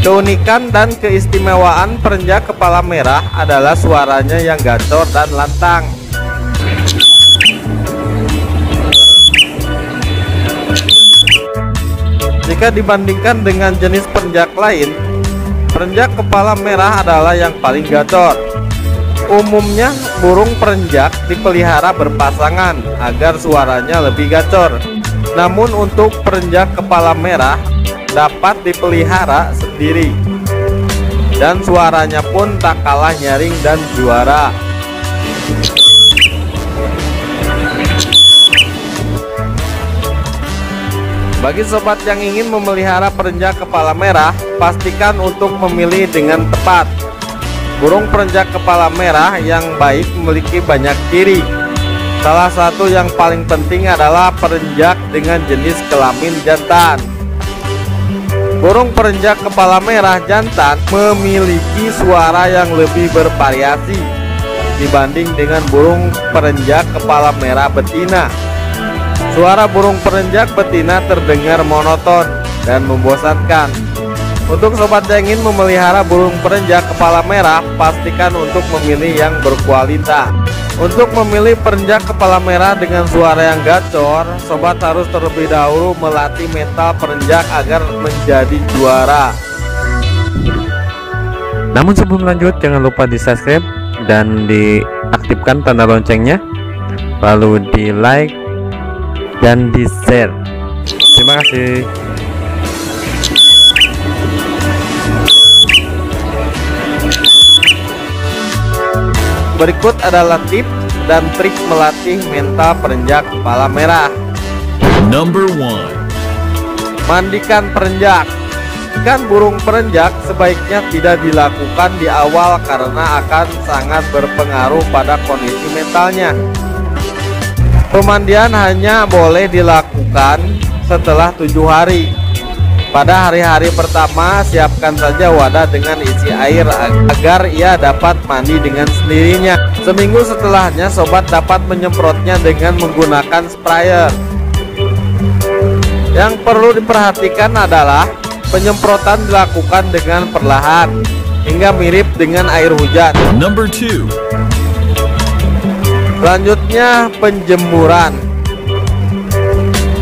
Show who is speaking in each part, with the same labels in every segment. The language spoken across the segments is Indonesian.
Speaker 1: Keunikan dan keistimewaan perenjak kepala merah adalah suaranya yang gacor dan lantang. Jika dibandingkan dengan jenis perenjak lain, perenjak kepala merah adalah yang paling gacor. Umumnya burung perenjak dipelihara berpasangan agar suaranya lebih gacor. Namun untuk perenjak kepala merah dapat dipelihara sendiri dan suaranya pun tak kalah nyaring dan juara. Bagi sobat yang ingin memelihara perenjak kepala merah, pastikan untuk memilih dengan tepat. Burung perenjak kepala merah yang baik memiliki banyak ciri. Salah satu yang paling penting adalah perenjak dengan jenis kelamin jantan. Burung perenjak kepala merah jantan memiliki suara yang lebih bervariasi dibanding dengan burung perenjak kepala merah betina. Suara burung perenjak betina terdengar monoton dan membosankan. Untuk sobat yang ingin memelihara burung perenjak kepala merah, pastikan untuk memilih yang berkualitas. Untuk memilih perenjak kepala merah dengan suara yang gacor, sobat harus terlebih dahulu melatih mental perenjak agar menjadi juara. Namun sebelum lanjut jangan lupa di subscribe dan diaktifkan tanda loncengnya lalu di like dan di share terima kasih Berikut adalah tips dan trik melatih mental perenjak kepala merah. Number one, Mandikan perenjak. Ikan burung perenjak sebaiknya tidak dilakukan di awal karena akan sangat berpengaruh pada kondisi mentalnya. Pemandian hanya boleh dilakukan setelah tujuh hari pada hari-hari pertama, siapkan saja wadah dengan isi air agar ia dapat mandi dengan sendirinya. Seminggu setelahnya, sobat dapat menyemprotnya dengan menggunakan sprayer. Yang perlu diperhatikan adalah penyemprotan dilakukan dengan perlahan hingga mirip dengan air hujan. Number two. Selanjutnya penjemuran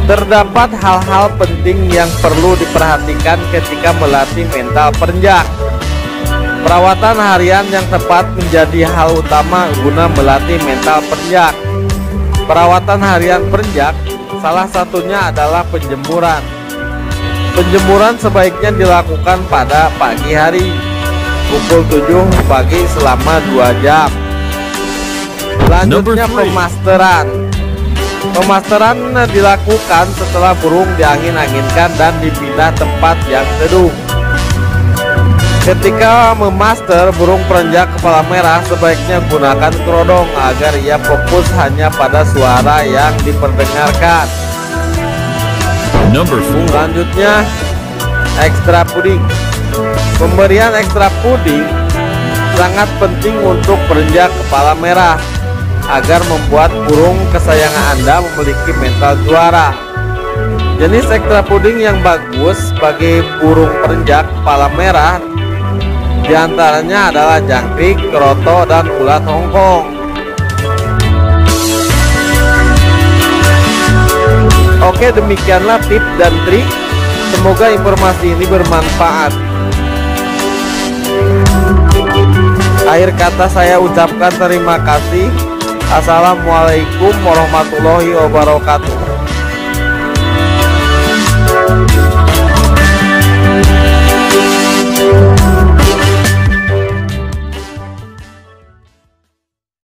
Speaker 1: Terdapat hal-hal penting yang perlu diperhatikan ketika melatih mental perenjak. Perawatan harian yang tepat menjadi hal utama guna melatih mental perenjak. Perawatan harian perenjak salah satunya adalah penjemuran. Penjemuran sebaiknya dilakukan pada pagi hari, pukul 7 pagi selama 2 jam. Selanjutnya pemasteran Pemasteran dilakukan setelah burung diangin-anginkan dan dipindah tempat yang teduh. Ketika memaster burung perenjak kepala merah sebaiknya gunakan kerodong agar ia fokus hanya pada suara yang diperdengarkan. Number four. Selanjutnya ekstra puding. Pemberian ekstra puding sangat penting untuk perenjak kepala merah agar membuat burung kesayangan Anda memiliki mental juara. Jenis ekstra puding yang bagus bagi burung perenjak kepala merah diantaranya adalah jangkrik, kroto, dan ulat hongkong. Oke demikianlah tips dan trik Semoga informasi ini bermanfaat Akhir kata saya ucapkan terima kasih Assalamualaikum warahmatullahi wabarakatuh